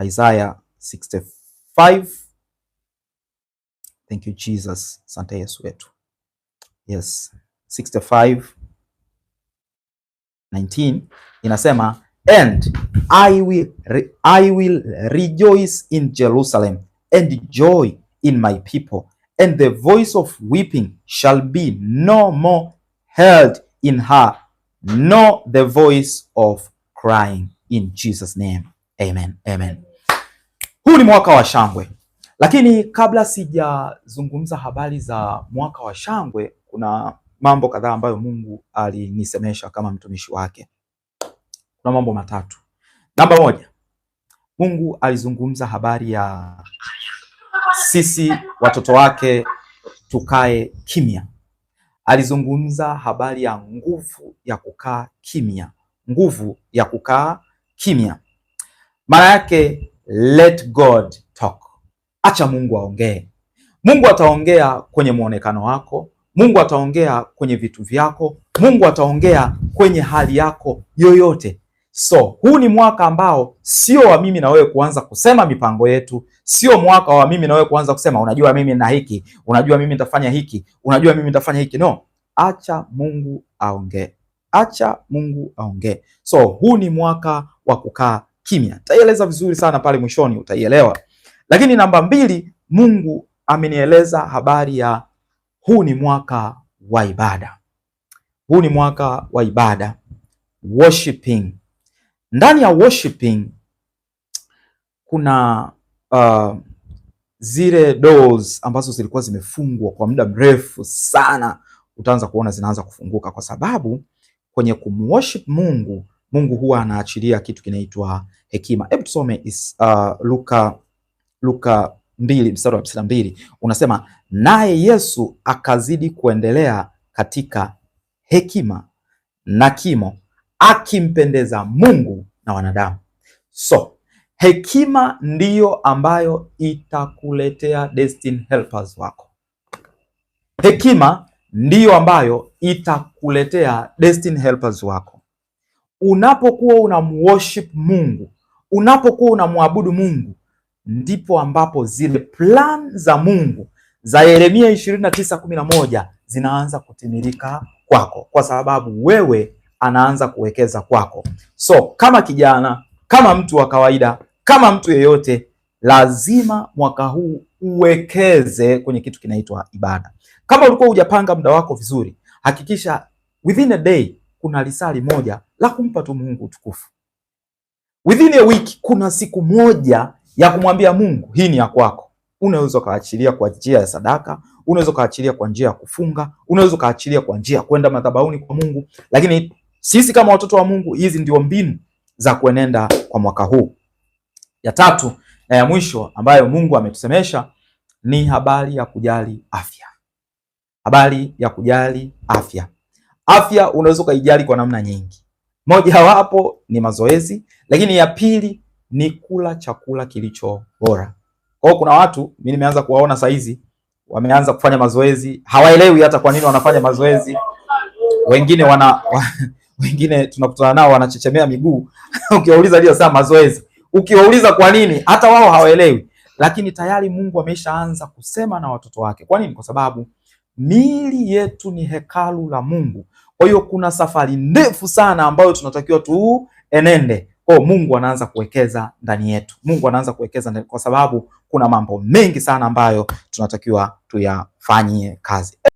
Isaiah 65. Thank you Jesus. Asante Yesu wetu. Yes, 65 19 inasema and I will, re I will rejoice in Jerusalem and joy in my people and the voice of weeping shall be no more heard in her nor the voice of crying in Jesus name amen amen huu ni mwaka wa shangwe, lakini kabla sijazungumza habari za mwaka wa shangwe, kuna mambo kadhaa ambayo Mungu alinisemesha kama mtumishi wake. Kuna mambo matatu. Namba moja, Mungu alizungumza habari ya sisi watoto wake tukae kimya. Alizungumza habari ya nguvu ya kukaa kimya, nguvu ya kukaa kimya. Maana yake let God talk. Acha Mungu aongee. Mungu ataongea kwenye mwonekano wako, Mungu ataongea kwenye vitu vyako, Mungu ataongea kwenye hali yako yoyote. So huu ni mwaka ambao sio wa mimi na wewe kuanza kusema mipango yetu, sio mwaka wa mimi na wewe kuanza kusema unajua mimi na hiki, unajua mimi nitafanya hiki, unajua mimi nitafanya hiki. No, acha Mungu aongee, acha Mungu aongee. So huu ni mwaka wa kukaa kimya. Nitaieleza vizuri sana pale mwishoni utaielewa. Lakini namba mbili, Mungu amenieleza habari ya huu ni mwaka wa ibada. Huu ni mwaka wa ibada. Worshiping. Ndani ya worshiping kuna uh, zile doors ambazo zilikuwa zimefungwa kwa muda mrefu sana, utaanza kuona zinaanza kufunguka, kwa sababu kwenye kumworship Mungu Mungu huwa anaachilia kitu kinaitwa hekima. Hebu tusome uh, Luka Luka mbili mstari wa hamsini na mbili unasema, naye Yesu akazidi kuendelea katika hekima na kimo, akimpendeza Mungu na wanadamu. So hekima ndiyo ambayo itakuletea destiny helpers wako. Hekima ndiyo ambayo itakuletea destiny helpers wako. Unapokuwa unamworship Mungu, unapokuwa unamwabudu Mungu, ndipo ambapo zile plan za Mungu za Yeremia ishirini na tisa kumi na moja zinaanza kutimilika kwako, kwa sababu wewe anaanza kuwekeza kwako. So kama kijana, kama mtu wa kawaida, kama mtu yeyote, lazima mwaka huu uwekeze kwenye kitu kinaitwa ibada. Kama ulikuwa hujapanga muda wako vizuri, hakikisha within a day kuna risali moja la kumpa tu Mungu utukufu. Within a week kuna siku moja ya kumwambia Mungu hii ni ya kwako. Unaweza ukaachilia kwa njia ya sadaka, unaweza ukaachilia kwa njia ya kufunga, unaweza ukaachilia kwa njia ya kwenda madhabahuni kwa Mungu. Lakini sisi kama watoto wa Mungu, hizi ndio mbinu za kuenenda kwa mwaka huu. Ya tatu na ya mwisho ambayo Mungu ametusemesha ni habari ya kujali afya, habari ya kujali afya. Afya unaweza ukaijali kwa namna nyingi, moja wapo ni mazoezi, lakini ya pili ni kula chakula kilicho bora. Kwa kuna watu mimi nimeanza kuwaona saizi wameanza kufanya mazoezi, hawaelewi hata kwa nini wanafanya mazoezi. Wengine wana wengine tunakutana nao wanachechemea miguu ukiwauliza hiyo saa mazoezi, ukiwauliza kwa nini, hata wao hawaelewi, lakini tayari Mungu ameshaanza kusema na watoto wake. Kwa nini? Kwa sababu miili yetu ni hekalu la Mungu. Kwa hiyo kuna safari ndefu sana ambayo tunatakiwa tuenende. Kwa Mungu anaanza kuwekeza ndani yetu, Mungu anaanza kuwekeza ndani, kwa sababu kuna mambo mengi sana ambayo tunatakiwa tuyafanyie kazi.